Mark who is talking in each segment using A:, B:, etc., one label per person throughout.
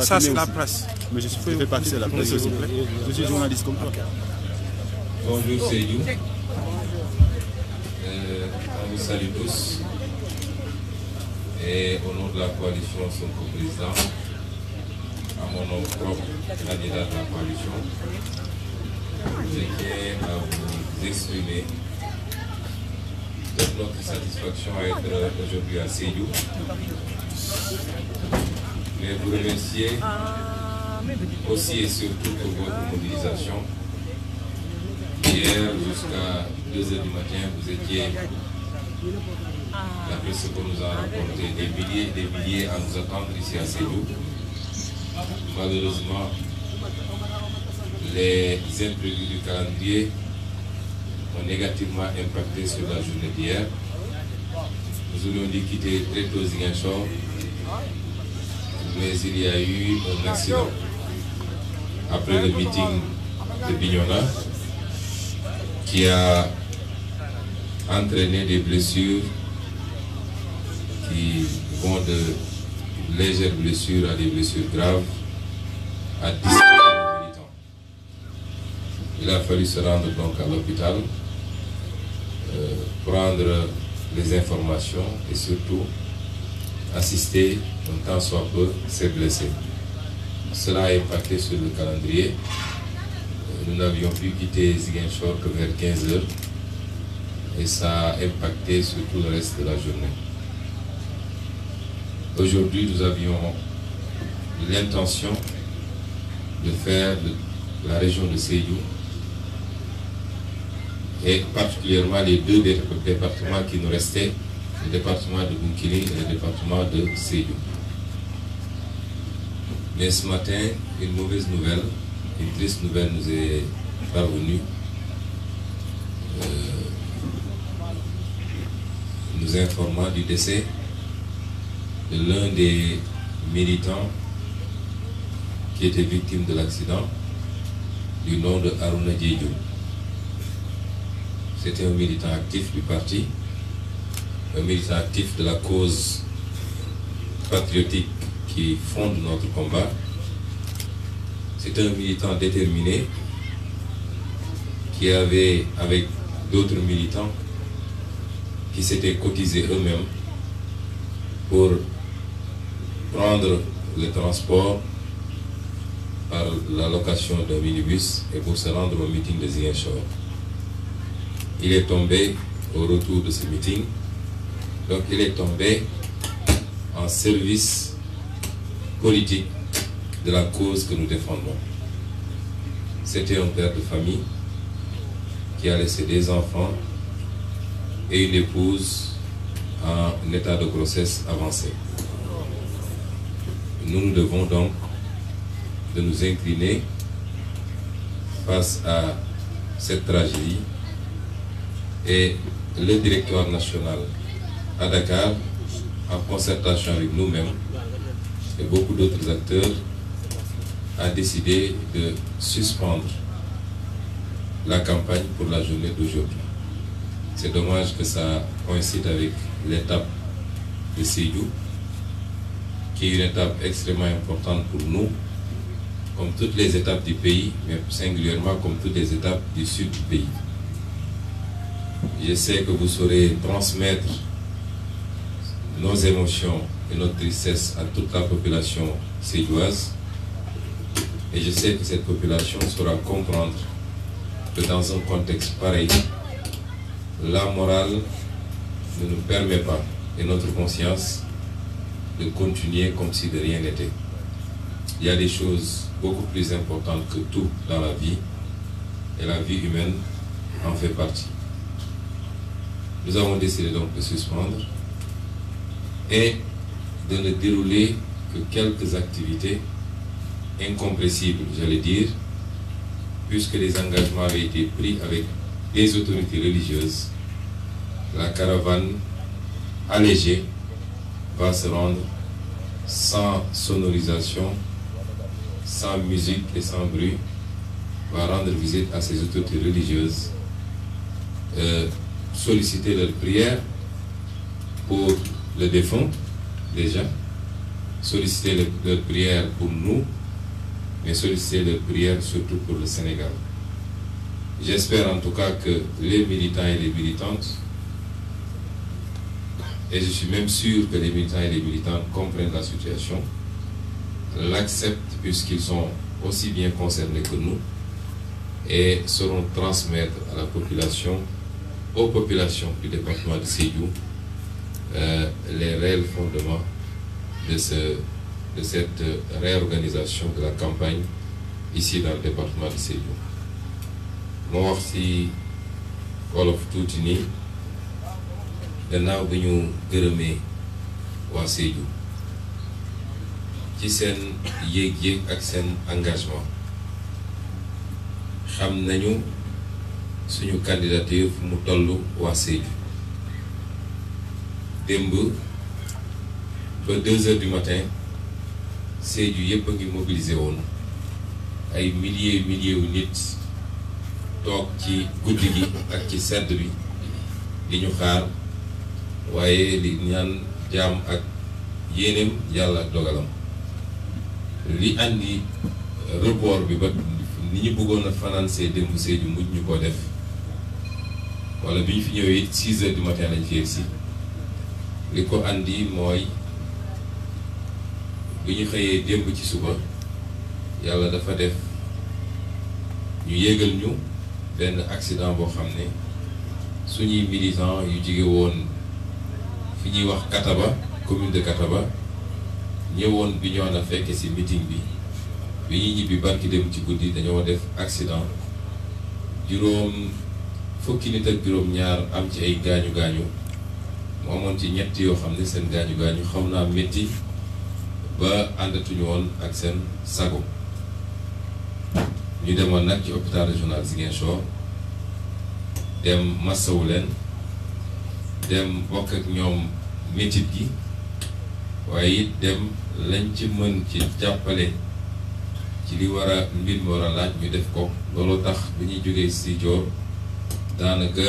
A: Ça, c'est la presse. Mais je suis fait oui, partie de la presse, s'il vous plaît. Je suis journaliste comme toi. Okay. Bonjour, c'est you. Euh, on vous salue tous. Et au nom de la coalition, son co-président, à mon nom propre, candidat de la coalition, je tiens à vous exprimer toute notre satisfaction à être aujourd'hui à Seyou. voulais vous remercier aussi et surtout pour votre mobilisation. Hier, jusqu'à 2h du matin, vous étiez, d'après ce qu'on nous a raconté, des milliers des milliers à nous attendre ici à Sédou. Malheureusement, les imprévus du calendrier ont négativement impacté sur la journée d'hier. Nous aurions dû quitter très tôt Ziguinchor mais il y a eu un accident. Après le meeting de Bignona, qui a entraîné des blessures qui vont de légères blessures à des blessures graves à 17 militants. Il l'hôpital, euh, prendre les informations et surtout assister un temps soit peu ces blessés. Cela a impacté sur le calendrier. Euh, nous n'avions pu quitter Ziguinchor que vers 15 heures et ça a impacté sur le reste de la journée. Aujourd'hui, nous avions l'intention de faire la région de Sédhiou et particulièrement les deux départements qui nous restaient le département de Bounkiling le département de Sédhiou. Mais ce matin, une mauvaise nouvelle, une triste nouvelle nous est parvenue. Euh, nous informant du décès l'un des militants qui était victime de l'accident, du nom de Aruna Diédiou. C'était un militant actif du parti. un militant actif de la cause patriotique qui fonde notre combat. C'est un militant déterminé qui avait, avec d'autres militants, qui s'étaient cotisés eux-mêmes pour prendre le transport par la location d'un minibus et pour se rendre au meeting de Ziguinchor. Il est tombé au retour de ce meeting Donc il est tombé en service politique de la cause que nous défendons. C'était un père de famille qui a laissé des enfants et une épouse en état de grossesse avancée. Nous nous devons donc de nous incliner face à cette tragédie et le directoire national à Dakar, en concertation avec nous-mêmes et beaucoup d'autres acteurs, a décidé de suspendre la campagne pour la journée d'aujourd'hui. C'est dommage que ça coïncide avec l'étape de Sidiou, qui est une étape extrêmement importante pour nous, comme toutes les étapes du pays, mais singulièrement comme toutes les étapes du sud du pays. Je sais que vous saurez transmettre nos émotions et notre tristesse à toute la population sédoise. Et je sais que cette population saura comprendre que dans un contexte pareil, la morale ne nous permet pas, et notre conscience, de continuer comme si de rien n'était. Il y a des choses beaucoup plus importantes que tout dans la vie, et la vie humaine en fait partie. Nous avons décidé donc de suspendre et de ne dérouler que quelques activités incompressibles, j'allais dire, puisque les engagements avaient été pris avec les autorités religieuses. La caravane allégée va se rendre sans sonorisation, sans musique et sans bruit, va rendre visite à ces autorités religieuses, euh, solliciter leurs prières pour le défunt, déjà, solliciter leur le prière pour nous, mais solliciter leur prière surtout pour le Sénégal. J'espère en tout cas que les militants et les militantes, et je suis même sûr que les militants et les militantes comprennent la situation, l'acceptent puisqu'ils sont aussi bien concernés que nous et seront transmettre à la population, aux populations du département de Sédhiou euh, les réels fondements de, ce, de cette réorganisation de la campagne ici dans le département de Sédhiou moo wax ci wolof tuuti nii gannaaw bi ñu gërëmee waa Sédhiou ci seen yéeg-yéeg ak seen engagement xam nañu suñu candidature mu tollu waa Sédhiou démb ba deux heures du matin Sédhiou yëpp a ngi mobilisé woon ay milliers milliers wu nit ci guddi gi ak ci sedd bi di ñu xaar waaye li ñaan jam ak yéeneem yàlla ak dogalam li andi report bi ba ni ñu bëggoon a financé démb Sédhiou mujj ñu ko def wala bi ñu fi ñëwee it six heures du matin lañ fi yegsi li ko andi mooy bi ñu xëyee démb ci suba yàlla dafa def ñu yëgal ñu benn accident boo xam ne suñuy militant yu jige woon fi ñuy wax Kataba commune de Kataba ñëwoon bi ñoo na fekke ci meeting bi bi ñuy ñibbi barki dem ci guddi dañoo def accident juróom fukki nit ak juróom ñaar am ci ay gaañu gaañu mu amoon ci ñett yoo xam ne seen gaañu gaañu xaw naa métti ba àndatuñu woon ak seen sago ñu demoon nag ci hôpital régional Ziguinchor dem massawu leen dem bokk ak ñoom métit gi waaye it dem lañ ci mën ci jàppale ci li war mbir mi war laaj ñu def ko loolu tax bu ñuy jógee si daanaka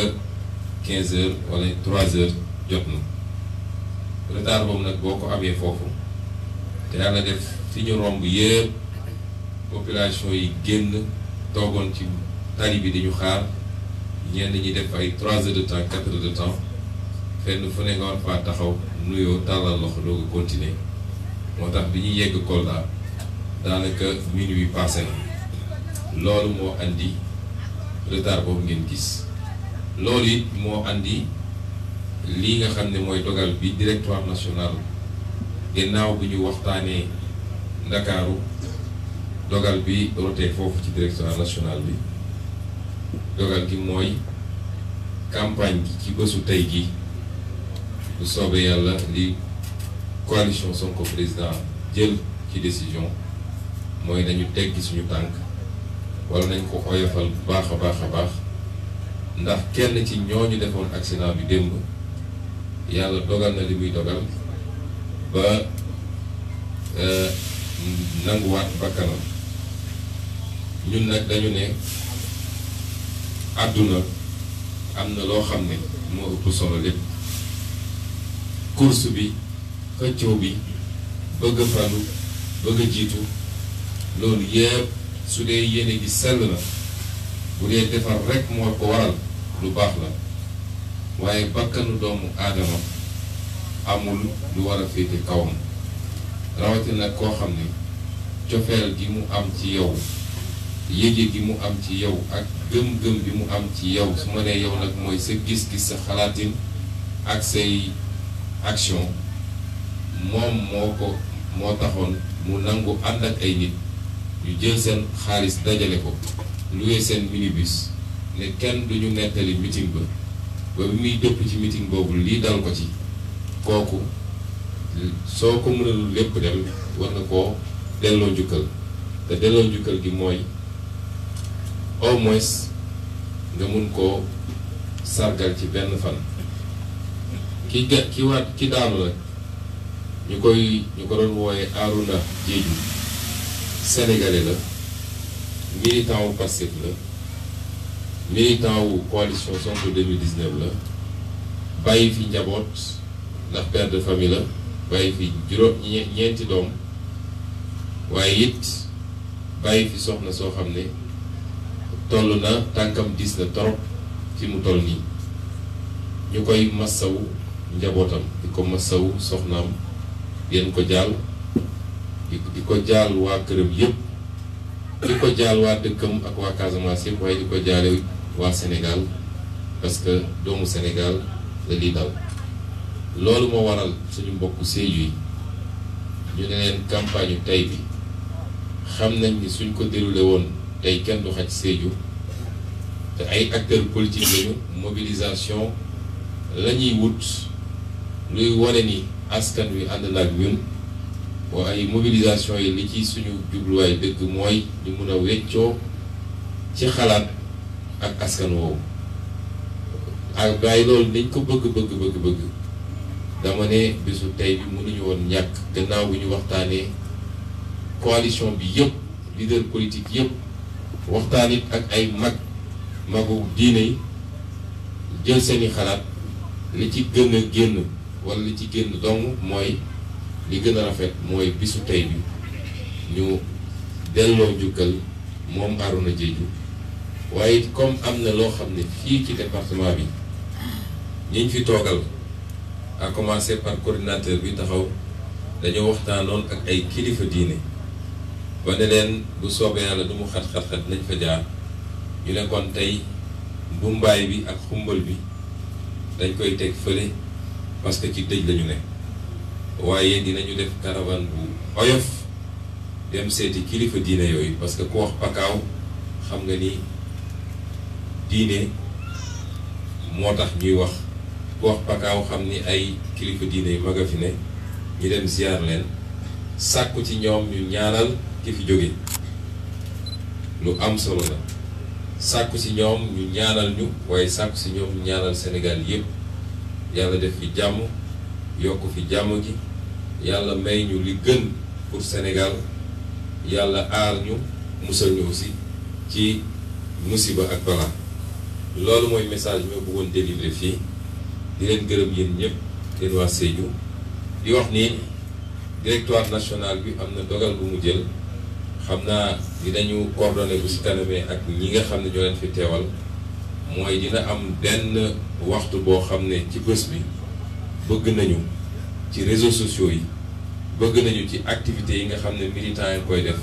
A: 15 heures wala 3 heures. jot na retard boobu nag boo ko amee foofu te yàlla def fi ñu romb yëpp population yi génn toogoon ci tali bi dañu xaar ñenn ñi def ay trois heures de temps quatre de temps fenn fu ne faa taxaw nuyoo tàllal loxo doog a continuer moo tax bi ñuy yegg Kolda daanaka minuit passé na loolu moo andi retard boobu ngeen gis loolu it moo andi. lii nga xam ne mooy dogal bi directoire national ginnaaw bi ñu waxtaanee ndakaaru dogal bi rotee foofu ci directoire national bi dogal gi mooy campagne gi ci bésu tey gi bu soobee yàlla li coalition Sonko président jël ci décision mooy dañu teggi suñu tànk wala nañ ko oyofal bu baax a baax a baax ndax kenn ci ñooñu defoon accident bi démb yàlla dogal na li muy dogal ba euh, nanguwaat bakkanam ñun nag dañu ne àdduna am na loo xam ne moo ëpp solo lépp course bi xëccoo bi bëgg a falu bëgg a jiitu loolu yépp su dee yéene gi sell na bu dee defar rekk moo ko waral lu baax la waaye bakkanu doomu aadama amul lu war a féete kawam rawatina koo xam ne cofeel gi mu am ci yow yéege gi mu am ci yow ak gëm-gëm bi mu am ci yow su ma nee yow nag mooy sa gis-gis sa xalaatin ak say action moom moo ko moo taxoon mu nangu ànd ak ay nit ñu jël seen xaalis dajale ko luwee seen minibus ne kenn duñu nettali meeting ba ba bi muy ci meeting boobu lii dal ko ci kooku soo ko mënalul lépp dem war nga koo delloo njukkal te delloo njukkal gi mooy au moins nga mun koo sargal ci benn fan ki ga ki waat ki daanu la ñu koy ñu ko doon wooyee Arouna Diédhiou la militant wu Pastef la militant wu coalition Sonko 2019 la bàyyi fi njaboot ndax père de famille la bàyyi fi juróom ñeenti doom waaye it bàyyi fi soxna soo xam ne toll na tànkam diis na torop fi mu toll nii ñu koy massawu njabootam di ko massawu soxnaam yéen ko jaal di ko jaal waa këram yépp di ko jaal waa dëkkam ak waa Casamance yëpp waaye di ko jaale waa Sénégal parce que doomu Sénégal la lii dal loolu moo waral suñu mbokk Sédhiou yi ñu ne leen campagne yu tey bi xam nañ ni suñ ko déroulé woon tey kenn du xaj Sédhiou te ay acteurs politiques lañu mobilisation la wut luy wane ni askan wi ànd naa ak ñun waaye mobilisation yi li ci suñu jubluwaay dëgg mooy ñu mun a weccoo ci xalaat ak askan woowu ak ah, bàyyi loolu lañ ko bëgg bëgg bëgg bëgg dama ne bisu tey bi mënuñu woon ñàkk gannaaw bu ñu waxtaanee coalition bi yëpp leader politique yëpp waxtaan it ak ay mag magu diine yi jël seeni xalaat li ci gën génn wala li ci génn dong mooy li gën a rafet mooy bisu tey bi ñu benn njukkal moom Arouna Diédhiou waaye comme am na loo xam ne fii ci département bi ñiñ fi toogal à commencer par coordinateur bi taxaw dañoo waxtaanoon ak ay kilifa diine ba ne leen bu soobee yàlla du mu xat-xat-xat nañ fa jaar ñu ne tey mbumbaay bi ak xumbal bi dañ koy teg fële parce que ci dëj lañu ne waaye dinañu def caravane bu oyof dem seeti kilifa diine yooyu parce que ku wax pakaaw xam nga ni diine moo tax ñuy wax ku wax pakaaw xam ni ay kilifa diine yu mag a fi ne ñu dem ziar leen sàkku ci ñoom ñu ñaanal ki fi jóge lu am solo la sàkku ci ñoom ñu ñaanal ñu waaye sàkku ci ñoom ñu ñaanal Sénégal yépp yàlla def fi jàmm yokk fi jàmm ji yàlla may ñu li gën pour Sénégal yàlla aar ñu musal ñu aussi ci musiba ak balaa loolu mooy message bi ma bëggoon délivrer fii di gërëm yéen ñëpp yéen waa di wax ni directoire national bi am na dogal bu mu jël xam naa dinañu coordonné bu si kanamee ak ñi nga xam ne ñoo leen fi teewal mooy dina am benn waxtu boo xam ne ci bés bi. bëgg nañu ci réseaux sociaux yi bëgg nañu ci activités yi nga xam ne militants yi koy def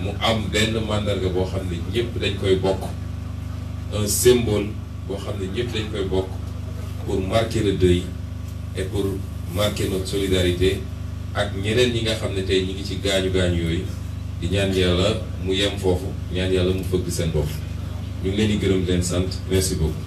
A: mu am benn màndarga boo xam ne ñëpp dañ koy bokk un symbole boo xam ne ñëpp dañ koy bokk pour marquer le deuil et pour marquer notre solidarité ak ñeneen ñi nga xam ne tey ñi ngi ci gaañu gaañu yooyu di ñaan yàlla mu yem foofu ñaan yàlla mu fëgg seen bopp ñu ngi leen di gërëm leen sant merci beaucoup.